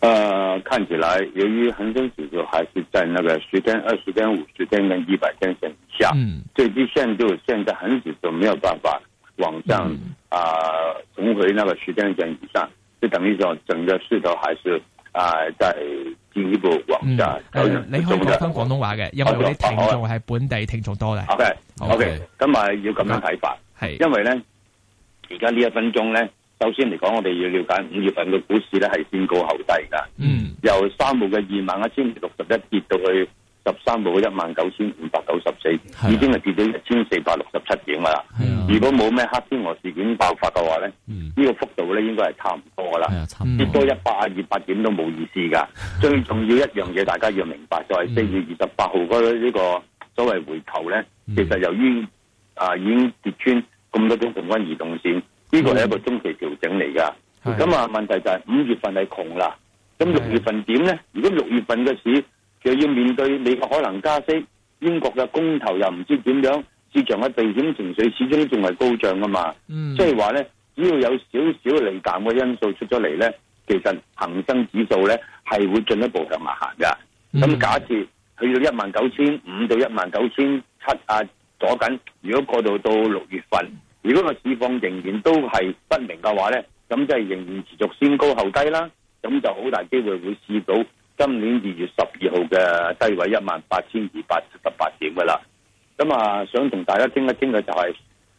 呃，看起來由於恒生指數還是在那個十天、二十天、五十天跟一百天線以下，嗯、最低限度現在恒指就沒有辦法往上啊重、嗯呃、回那個十天線以上，就等於說整個勢頭還是啊、呃、在進一步往下降。誒、嗯呃，你可以講返廣東話嘅，好因為我啲聽眾係本地聽眾多嘅、啊、ok ok，咁啊要咁樣睇法係，是因為咧而家呢這一分鐘咧。首先嚟講，我哋要了解五月份嘅股市咧，係先高後低噶。嗯，由三號嘅二萬一千六十一跌到去十三號嘅一萬九千五百九十四，是啊、已經係跌到一千四百六十七點噶啦。啊、如果冇咩黑天鵝事件爆發嘅話咧，呢、嗯、個幅度咧應該係差唔多噶啦，啊、不跌多一百、二百點都冇意思噶。 最重要一樣嘢，大家要明白就係、是、四月二十八號嗰個呢個所謂回頭咧，嗯、其實由於啊已經跌穿咁多種平均移動線。呢個係一個中期調整嚟噶，咁啊是的 問題就係五月份係窮啦，咁六月份點呢？是的 如果六月份嘅市，就要面對美國可能加息、英國嘅公投又唔知點樣，市場嘅避險情緒始終仲係高漲噶嘛，即係話呢，只要有少少利淡嘅因素出咗嚟呢，其實恒生指數呢係會進一步咁下行噶。咁是的 假設去到一萬九千五到一萬九千七啊左緊，如果過渡到六月份。如果個市況仍然都係不明嘅話呢，咁即係仍然持續先高後低啦，咁就好大機會會試到今年二月十二號嘅低位一萬八千二百八十八點嘅啦。咁啊，想同大家傾一傾嘅就係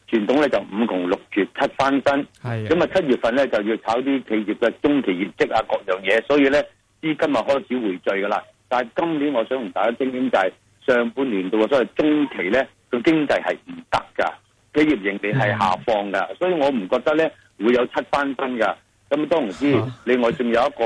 傳統咧，就五窮六絕七翻身，咁啊的七月份咧，就要炒啲企業嘅中期業績啊各樣嘢，所以呢，資金啊開始回聚嘅啦。但係今年我想同大家傾嘅就係上半年度所謂中期呢個經濟係唔得㗎。企業盈利係下降噶，mm hmm. 所以我唔覺得咧會有七翻新噶。咁當然之，uh huh. 另外仲有一個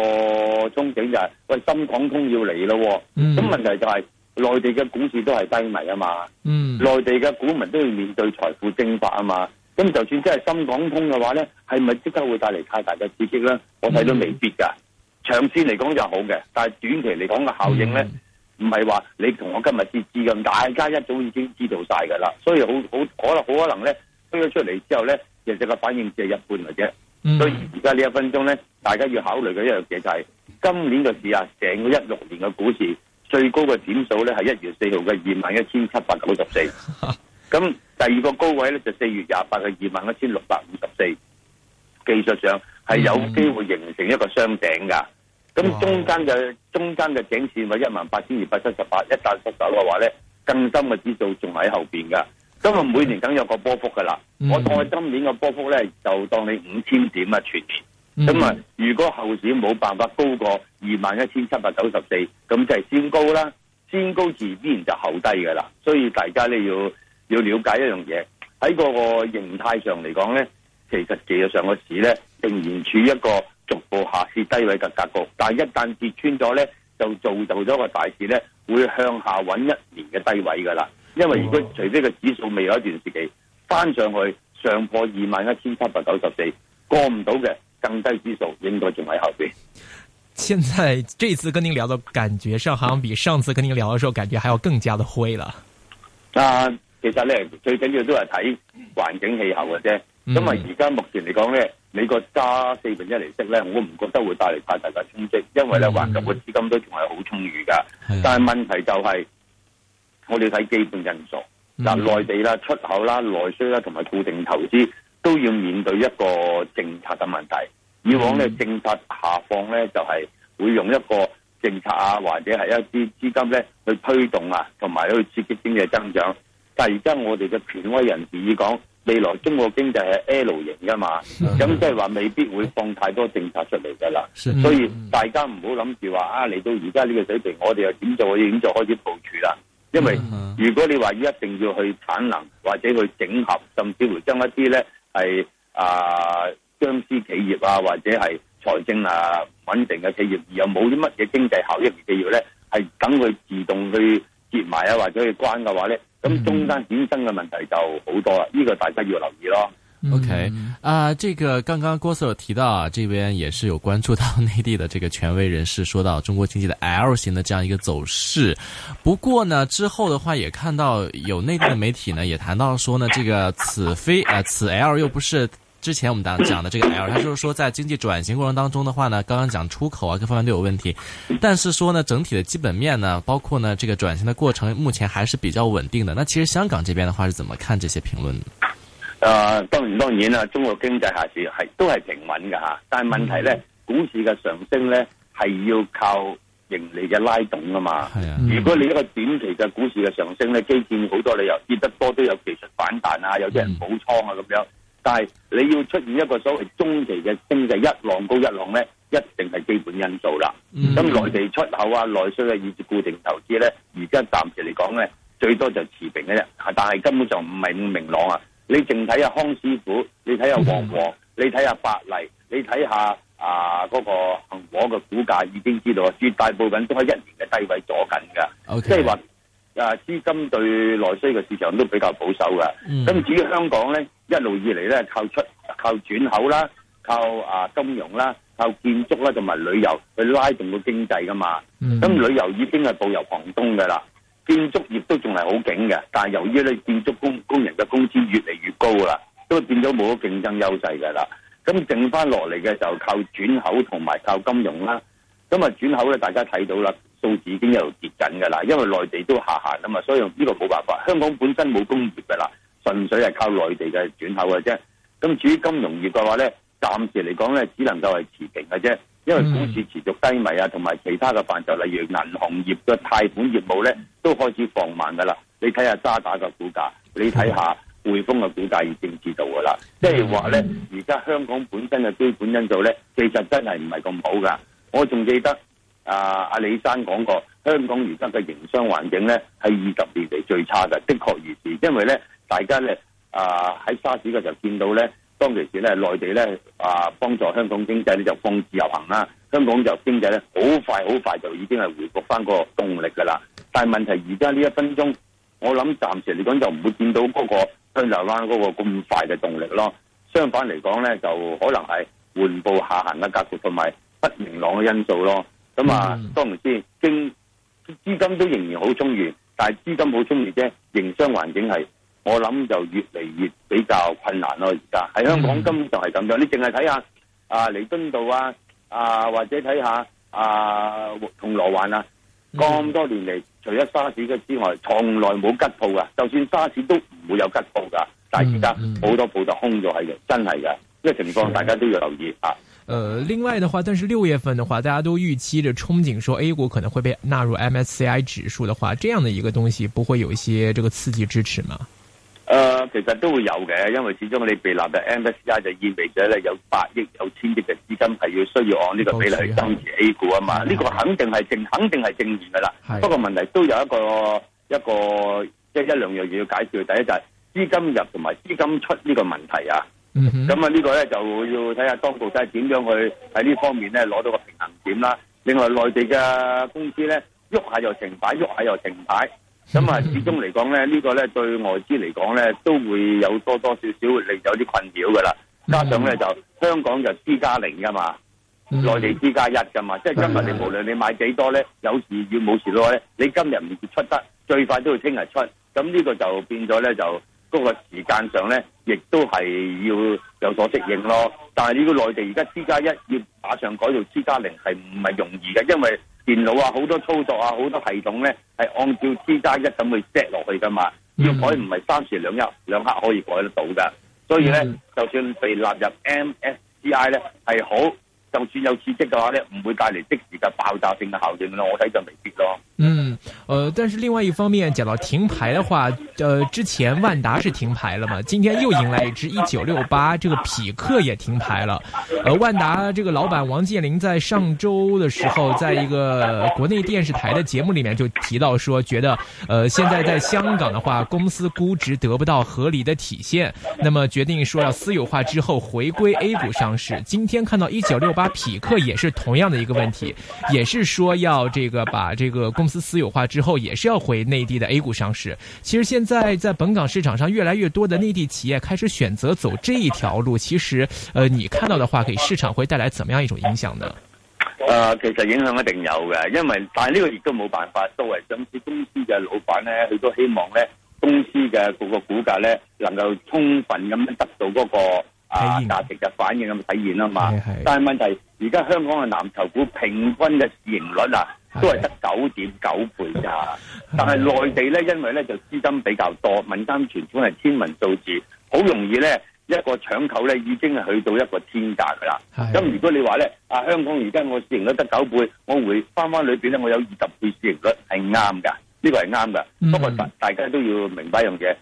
憧憬就係，喂深港通要嚟咯。咁、mm hmm. 問題就係、是、內地嘅股市都係低迷啊嘛，內、mm hmm. 地嘅股民都要面對財富蒸發啊嘛。咁就算真係深港通嘅話咧，係咪即刻會帶嚟太大嘅刺激咧？我睇都未必噶。Mm hmm. 長線嚟講就好嘅，但係短期嚟講嘅效應咧。Mm hmm. 唔係話你同我今日知知咁，大家一早已經知道曬噶啦，所以好好可能好可能咧，推咗出嚟之後咧，其實個反應只係一半嘅啫。嗯、所以而家呢一分鐘咧，大家要考慮嘅一樣嘢就係今年嘅市啊，成個一六年嘅股市最高嘅點數咧係一月四號嘅二萬一千七百九十四，咁第二個高位咧就四月廿八嘅二萬一千六百五十四。技術上係有機會形成一個雙頂噶。嗯嗯。咁中間嘅中間嘅頂線 18, 8, 一話一萬八千二百七十八一旦失手嘅話咧，更深嘅指數仲喺後邊噶。今日每年梗有個波幅噶啦。我當今年嘅波幅咧，就當你五千點啊全年。咁啊，嗯、如果後市冇辦法高過二萬一千七百九十四，咁就係先高啦。先高自然就後低噶啦。所以大家咧要要了解一樣嘢，喺個個形態上嚟講咧，其實技術上個市咧仍然處於一個逐步下泄低位嘅格局，但係一旦跌穿咗咧，就造就咗個大市咧，會向下搵一年嘅低位噶啦。因為如果除非這個指數未有一段時期翻上去上破二萬一千七百九十四，過唔到嘅更低指數，應該仲喺後邊。現在這次跟您聊到，感覺上，好像比上次跟您聊嘅時候，感覺還要更加的灰啦。但其實咧，最緊要都係睇環境氣候嘅啫，因為而家目前嚟講咧。美國加四分一釐息咧，我唔覺得會帶嚟太大嘅衝擊，因為咧 環球嘅資金都仲係好充裕噶。 但係問題就係，我哋睇基本因素，嗱、呃， 內地啦、出口啦、內需啦，同埋固定投資都要面對一個政策嘅問題。以往咧政策下放咧，就係會用一個政策啊，或者係一啲資金咧去推動啊，同埋去刺激經濟增長。但係而家我哋嘅權威人士講。未來中國經濟係 L 型噶嘛。咁的即係話未必會放太多政策出嚟噶啦。的所以大家唔好諗住話啊，嚟到而家呢個水平，我哋又點做？我已經就開始部署啦。因為如果你話一定要去產能或者去整合，甚至乎將一啲呢係啊、呃、僵屍企業啊或者係財政啊穩定嘅企業，而又冇啲乜嘢經濟效益嘅企業呢，係等佢自動去接埋啊或者去關嘅話呢。咁中間衍生嘅問題就好多啦，呢個大家要留意咯。OK，啊、呃，這個剛剛郭 Sir 提到啊，這邊也是有關注到內地的這個權威人士，說到中國經濟的 L 型的這樣一個走勢。不過呢，之後的話也看到有內地嘅媒體呢，也談到說呢，這個此非啊、呃、此 L 又不是。之前我們講的這個 L，它就是說在經濟轉型過程當中的話呢，剛剛講出口啊，各方面都有問題，但是說呢，整體的基本面呢，包括呢，這個轉型的過程，目前還是比較穩定的。那其實香港這邊的話，是怎麼看這些評論？呃，當然當然啦，中國經濟下跌係都係平穩的，但係問題呢，股市嘅上升呢，係要靠盈利嘅拉動噶嘛。係啊嗯、如果你一個短期嘅股市嘅上升呢，基建好多理由跌得多都有技術反彈啊，有啲人補倉啊，咁、嗯、樣。但係你要出現一個所謂中期嘅經濟一浪高一浪咧，一定係基本因素啦。咁內地出口啊、內需啊以至固定投資咧，而家暫時嚟講咧，最多就持平嘅啫。但係根本就唔係咁明朗啊！你淨睇下康師傅，你睇下黃黃，mm hmm。你睇下百麗，你睇下啊嗰、嗰個恆和嘅股價已經知道，絕大部分都喺一年嘅低位左近㗎。即係話。啊，資金對內需嘅市場都比較保守噶。咁至於香港咧，一路以嚟咧靠出靠轉口啦，靠啊金融啦，靠建築啦，同埋旅遊去拉動個經濟噶嘛。咁旅遊已經係步入寒冬嘅啦，建築業都仲係好勁嘅，但由於咧建築工工人嘅工資越嚟越高啦，都變咗冇咗競爭優勢嘅啦。咁剩翻落嚟嘅就靠轉口同埋靠金融啦。咁啊，轉口咧，大家睇到啦，數字已經一路跌緊噶啦。因為內地都下行啊嘛，所以呢個冇辦法。香港本身冇工業噶啦，純粹係靠內地嘅轉口嘅啫。咁至於金融業嘅話咧，暫時嚟講咧，只能夠係持平嘅啫。因為股市持續低迷啊，同埋其他嘅範疇，例如銀行業嘅貸款業務咧，都開始放慢噶啦。你睇下渣打嘅股價，你睇下匯豐嘅股價，已經知道噶啦。即係話咧，而家香港本身嘅基本因素咧，其實真係唔係咁好噶。我仲記得啊，阿李生講過，香港而家嘅營商環境呢係二十年嚟最差嘅，的確如是，因為呢大家呢啊喺沙士嘅時候見到呢，當其時呢內地呢啊幫助香港經濟呢就放自由行啦，香港就經濟呢好快好快就已經係回復翻個動力㗎喇。但係問題而家呢一分鐘，我諗暫時嚟講就唔會見到嗰、嗰個香港嗰個咁快嘅動力咯。相反嚟講呢，就可能係緩步下行嘅格局。同埋，不明朗嘅因素咯，咁啊，mm hmm. 當然知經資金都仍然好充裕，但係資金好充裕啫，營商環境係我諗就越嚟越比較困難咯。而家喺香港根本就係咁樣，mm hmm. 你淨係睇下啊彌敦道啊啊或者睇下啊銅鑼灣啊，咁、啊 mm hmm. 多年嚟除咗沙士嘅之外，從來冇吉鋪噶，就算沙士都唔會有吉鋪噶，mm hmm. 但係而家好多鋪就空咗喺度，真係噶，呢個情況大家都要留意啊！呃，另外的話，但是六月份的話，大家都預期着憧憬，說 A 股可能會被納入 MSCI 指數的話，這樣的一個東西不會有一些這個刺激支持嗎？呃，其實都會有嘅，因為始終你被納入 MSCI 就意味着咧有百億有千億嘅資金係要需要按呢個比例去增持 A 股啊嘛，呢齒個肯定係正是的肯定係正面噶啦。的不過問題都有一個一個一、就是、一兩樣嘢要解決，第一就係資金入同埋資金出呢個問題啊。咁啊，呢、嗯、個咧就要睇下當局仔點樣去喺呢方面咧攞到個平衡點啦。另外，內地嘅公司咧喐下又停牌，喐下又停牌。咁啊，嗯、哼始終嚟講咧，呢、呢個咧對外資嚟講咧，都會有多多少少嚟有啲困擾噶啦。嗯、哼加上咧就香港就資加零噶嘛，嗯、哼內地資加一噶嘛，嗯、哼即係今日你無論你買幾多咧，有事要冇事都咧，你今日唔出得，最快都要聽日出。咁呢個就變咗咧就。嗰個時間上咧，亦都係要有所適應咯。但係你個內地而家 T 加一要馬上改到 T 加零係唔係容易嘅？因為電腦啊，好多操作啊，好多系統咧係按照 T 加一咁去 set 落去噶嘛。要改唔係三時兩刻兩刻可以改得到㗎。所以咧，就算被納入 MSCI 咧，係好。就算有刺激嘅話咧，唔會帶嚟即時嘅爆炸性嘅效應咯。我睇就未必咯。嗯，呃，但是另外一方面，講到停牌嘅話，呃，之前萬達是停牌了嘛，今天又迎來一隻一九六八，這個匹克也停牌了。呃，萬達這個老闆王健林在上周嘅時候，在一個國內電視台嘅節目裏面就提到說，覺得，呃，現在在香港嘅話，公司估值得不到合理的體現，那麼決定說要私有化之後回歸 A 股上市。今天看到一九六八。匹克也是同樣的一個問題，也是說要這個把這個公司私有化之後，也是要回內地的 A 股上市。其實現在在本港市場上，越來越多的內地企業開始選擇走這一條路。其實，呃，你看到的話，給市場會帶來怎麼樣一種影響呢？呃，其實影響一定有嘅，因為但係呢個亦都冇辦法。作為上市公司嘅老闆咧，佢都希望咧公司嘅各個股價咧能夠充分咁得到嗰個。體現，但係、啊、價值反應咁體現啦嘛。是是但係問題，而家香港嘅藍籌股平均嘅市盈率啊，是的都係得九點九倍啫。 但係內地咧，因為咧就資金比較多，民間存款係天文數字，好容易咧一個搶購咧已經係去到一個天價噶啦。咁的如果你話咧啊，香港而家我市盈率得九倍，我會回翻翻裏邊咧，我有二十倍市盈率係啱嘅，呢、呢個係啱嘅。嗯、不過大大家都要明白一樣嘢，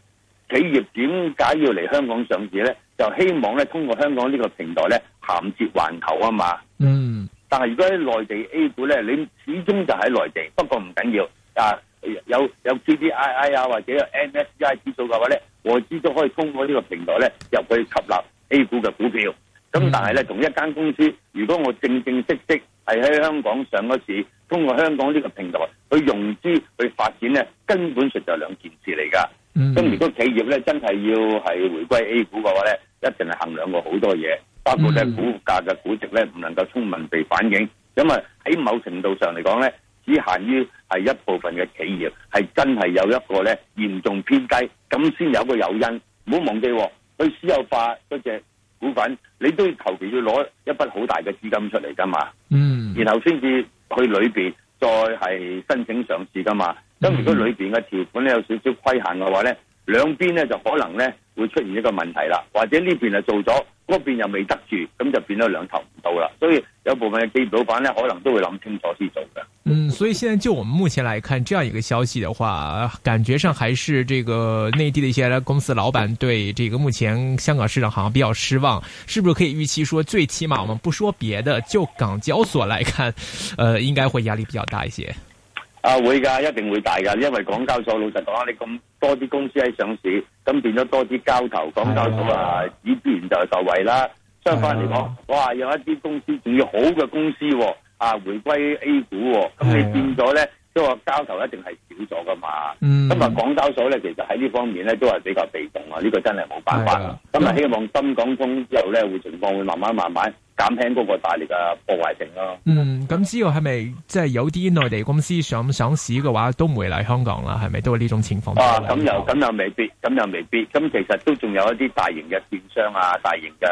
企業點解要嚟香港上市咧？就希望咧，通過香港這個呢個平台咧，銜接環球啊嘛。嗯。Mm. 但係如果喺內地 A 股咧，你始終就喺內地，不過唔緊要。啊，有有 QDII 啊，或者有 MSCI 指數嘅話咧，我始都可以通過這個呢個平台咧，入去吸納 A 股嘅股票。咁但係咧，同一間公司，如果我正正式式係喺香港上咗市，通過香港呢個平台去融資去發展咧，根本上就兩件事嚟㗎。咁、嗯、如果企業咧真係要係回歸 A 股嘅話咧，一定係衡量過好多嘢，包括咧股價嘅估值咧唔能夠充分被反映。咁啊喺某程度上嚟講咧，只限於係一部分嘅企業係真係有一個咧嚴重偏低，咁先有個誘因。唔好忘記、哦，去私有化嗰隻股份，你都要求其要攞一筆好大嘅資金出嚟噶嘛。嗯，然後先至去裏邊再係申請上市噶嘛。咁、嗯、如果裏邊嘅條款呢，有少少規限嘅話呢，兩邊呢就可能呢會出現一個問題啦，或者呢邊係做咗，嗰邊又未得住，咁就變咗兩頭唔到啦。所以有部分嘅企業老闆呢，可能都會諗清楚先做嘅。嗯，所以現在就我們目前來看，這樣一個消息的話，感覺上還是這個內地的一些公司老闆對這個目前香港市場好像比較失望。是不是可以預期說，最起碼我們不說別的，就港交所來看，呃，應該會壓力比較大一些。啊，會噶，一定會大噶，因為港交所老實講、啊，你咁多啲公司喺上市，咁變咗多啲交投，港交所啊，依必然就係受惠啦。相反嚟講，是啊、我話，有一啲公司仲要好嘅公司啊，啊，回歸 A 股、啊，咁你變咗咧。即係交投一定係少咗噶嘛，咁啊、嗯，港交所咧其實喺呢方面咧都係比較被動啊。呢、這個真係冇辦法啦。咁啊的，希望深港通之後咧，會情況會慢慢慢慢減輕嗰個大力嘅破壞性咯、嗯。嗯，咁之後係咪即係有啲內地公司想上，上市嘅話都唔會嚟香港啦？係咪都係呢種情況？啊，咁又咁又未必，咁又未必。咁其實都仲有一啲大型嘅電商啊，大型嘅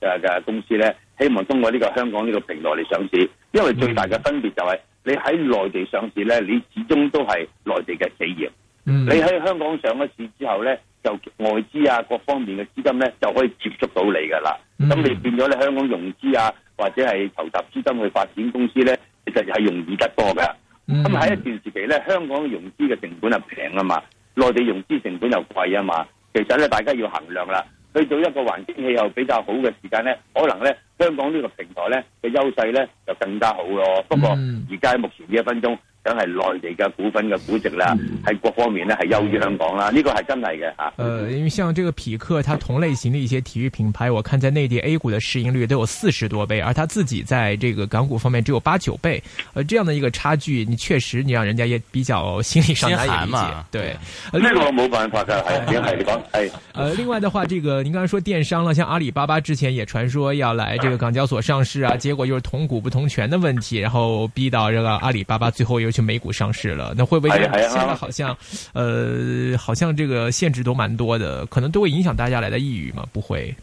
嘅嘅公司咧，希望通過呢個香港呢個平台嚟上市，因為最大嘅分別就係、是。嗯你喺內地上市呢，你始終都係內地嘅企業。嗯、你喺香港上咗市之後呢，就外資啊各方面嘅資金呢，就可以接觸到你噶啦。咁、嗯、你變咗你香港融資啊，或者係投集資金去發展公司呢，其實係容易得多嘅。咁喺、嗯、一段時期呢，香港融資嘅成本係平啊嘛，內地融資成本又貴啊嘛。其實呢，大家要衡量啦。去到一個環境氣候比較好嘅時間呢，可能呢香港呢個平台呢嘅優勢呢就更加好咯。不過而家目前呢一分鐘。咁係內地嘅股份嘅估值啦，喺各方面呢係優於香港啦，呢、這個係真係嘅嚇。誒、啊，因為、呃、像這個匹克，它同類型的一些體育品牌，我看在內地 A 股的市盈率都有四十多倍，而它自己在這個港股方面只有八九倍，而、呃、這樣的一個差距，你確實你讓人家也比較心理上難以理解、啊、對，呢個冇辦法嘅，係、 啊、另外的話，這個你剛才說電商啦，像阿里巴巴之前也傳說要來這個港交所上市啊，結果又是同股不同權的問題，然後逼到這個阿里巴巴最後又去美股上市了，那會不會現在好像，的呃，好像這個限制都蠻多的，可能都會影響大家來的意欲嘛？不會？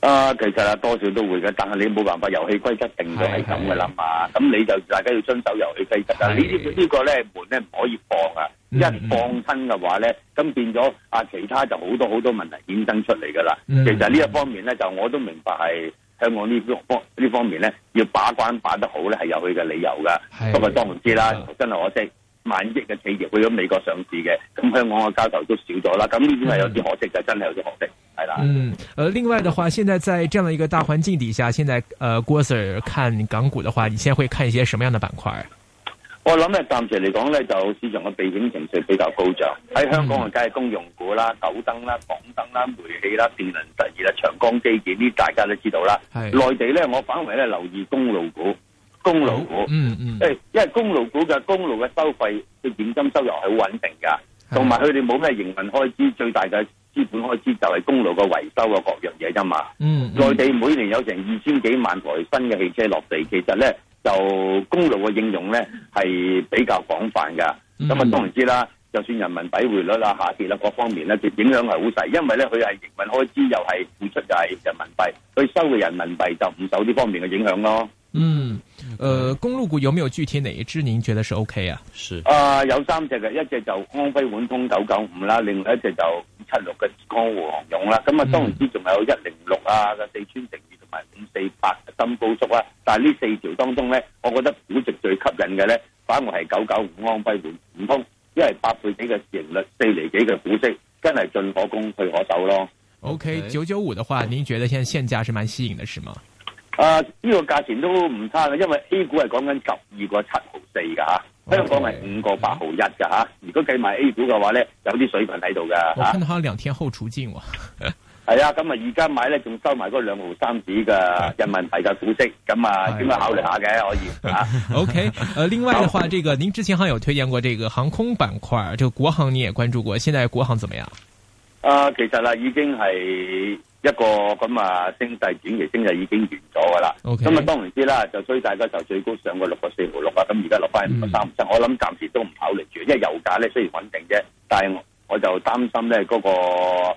啊、呃，其實啊多少都會噶，但係你冇辦法，遊戲規則定咗係咁噶啦嘛，咁、哎哎哎、你就大家要遵守遊戲規則。但呢呢個咧門咧唔可以放啊，一放親嘅話咧，咁、嗯嗯、變咗啊其他就好多好多問題衍生出嚟噶啦。嗯嗯其實呢一方面咧，就我都明白係。香港呢方呢方面呢，要把關把得好呢，係有佢嘅理由噶。不過 當然知啦， 真係我即係萬億嘅企業去咗美國上市嘅，咁香港嘅交投都少咗啦。咁呢啲係有啲可惜就真係有啲可惜。係啦，嗯，呃，另外嘅話，現在在這樣的一個大環境底下，現在，呃，郭 Sir 看港股的話，你現在會看一些什麼樣的板塊啊？我諗咧，暫時嚟講咧，就市場嘅避險情緒比較高漲。喺香港，我梗係公用股啦、mm hmm. 九燈啦、港燈啦、煤氣啦、電能實業啦、長江基建呢，大家都知道啦。係內、mm hmm. 地咧，我反而為咧留意公路股、公路股。嗯嗯、mm，誒、hmm.，因為公路股嘅公路嘅收費嘅現金收入係好穩定噶，同埋佢哋冇咩營運開支，最大嘅資本開支就係公路嘅維修嘅各樣嘢啫嘛。嗯、mm，內、hmm. 地每年有成二千幾萬台新嘅汽車落地，其實咧。就公路嘅應用咧，係比較廣泛噶。咁啊，當然知啦。就算人民幣匯率啦、啊、下跌啦、啊，各方面咧，就影響係好細，因為咧，佢係營運開支又係付出就係人民幣，佢收嘅人民幣就唔受呢方面嘅影響咯。嗯，誒、呃，公路股有冇有具體哪一隻，您覺得是 OK 啊？是啊、呃，有三隻嘅，一隻就安徽皖通九九五啦，另外一隻就。七六嘅江湖雄勇啦，咁啊、嗯，當然之仲有一零六啊嘅四川成渝同埋五四八嘅深高速啦，但係呢四條當中咧，我覺得估值最吸引嘅咧，反而係九九五安徽皖五通，因為八倍幾嘅市盈率，四厘幾嘅股息，真係進可攻退可，可守咯。OK，九九五嘅話，您覺得現在現價是蠻吸引的，是嗎？啊，呢個價錢都唔差嘅，因為 A 股係講緊十二個七毫四噶吓。香港係五個八毫一噶吓，okay, okay. 嗯、如果計埋 A 股嘅話咧，有啲水分喺度噶吓。我看到他兩天後出鏡喎。係啊，咁 啊，而家買咧仲收埋嗰兩毫三子嘅人民幣嘅股息，咁 啊，點樣考慮下嘅可以吓、啊、 ？OK，誒、呃，另外嘅話，好這個您之前好有推薦過這個航空板塊，就、這個、國航你也關注過，現在國航怎麼樣？啊，其實啦，已經係。一個咁啊，升勢短期升勢已經完咗㗎啦。咁啊，當然知啦，就追大家就最高上過六個四毫六啊。咁而家落翻五個三毫七，我諗暫時都唔考慮住，因為油價咧雖然穩定啫，但係我就擔心咧、那、嗰個。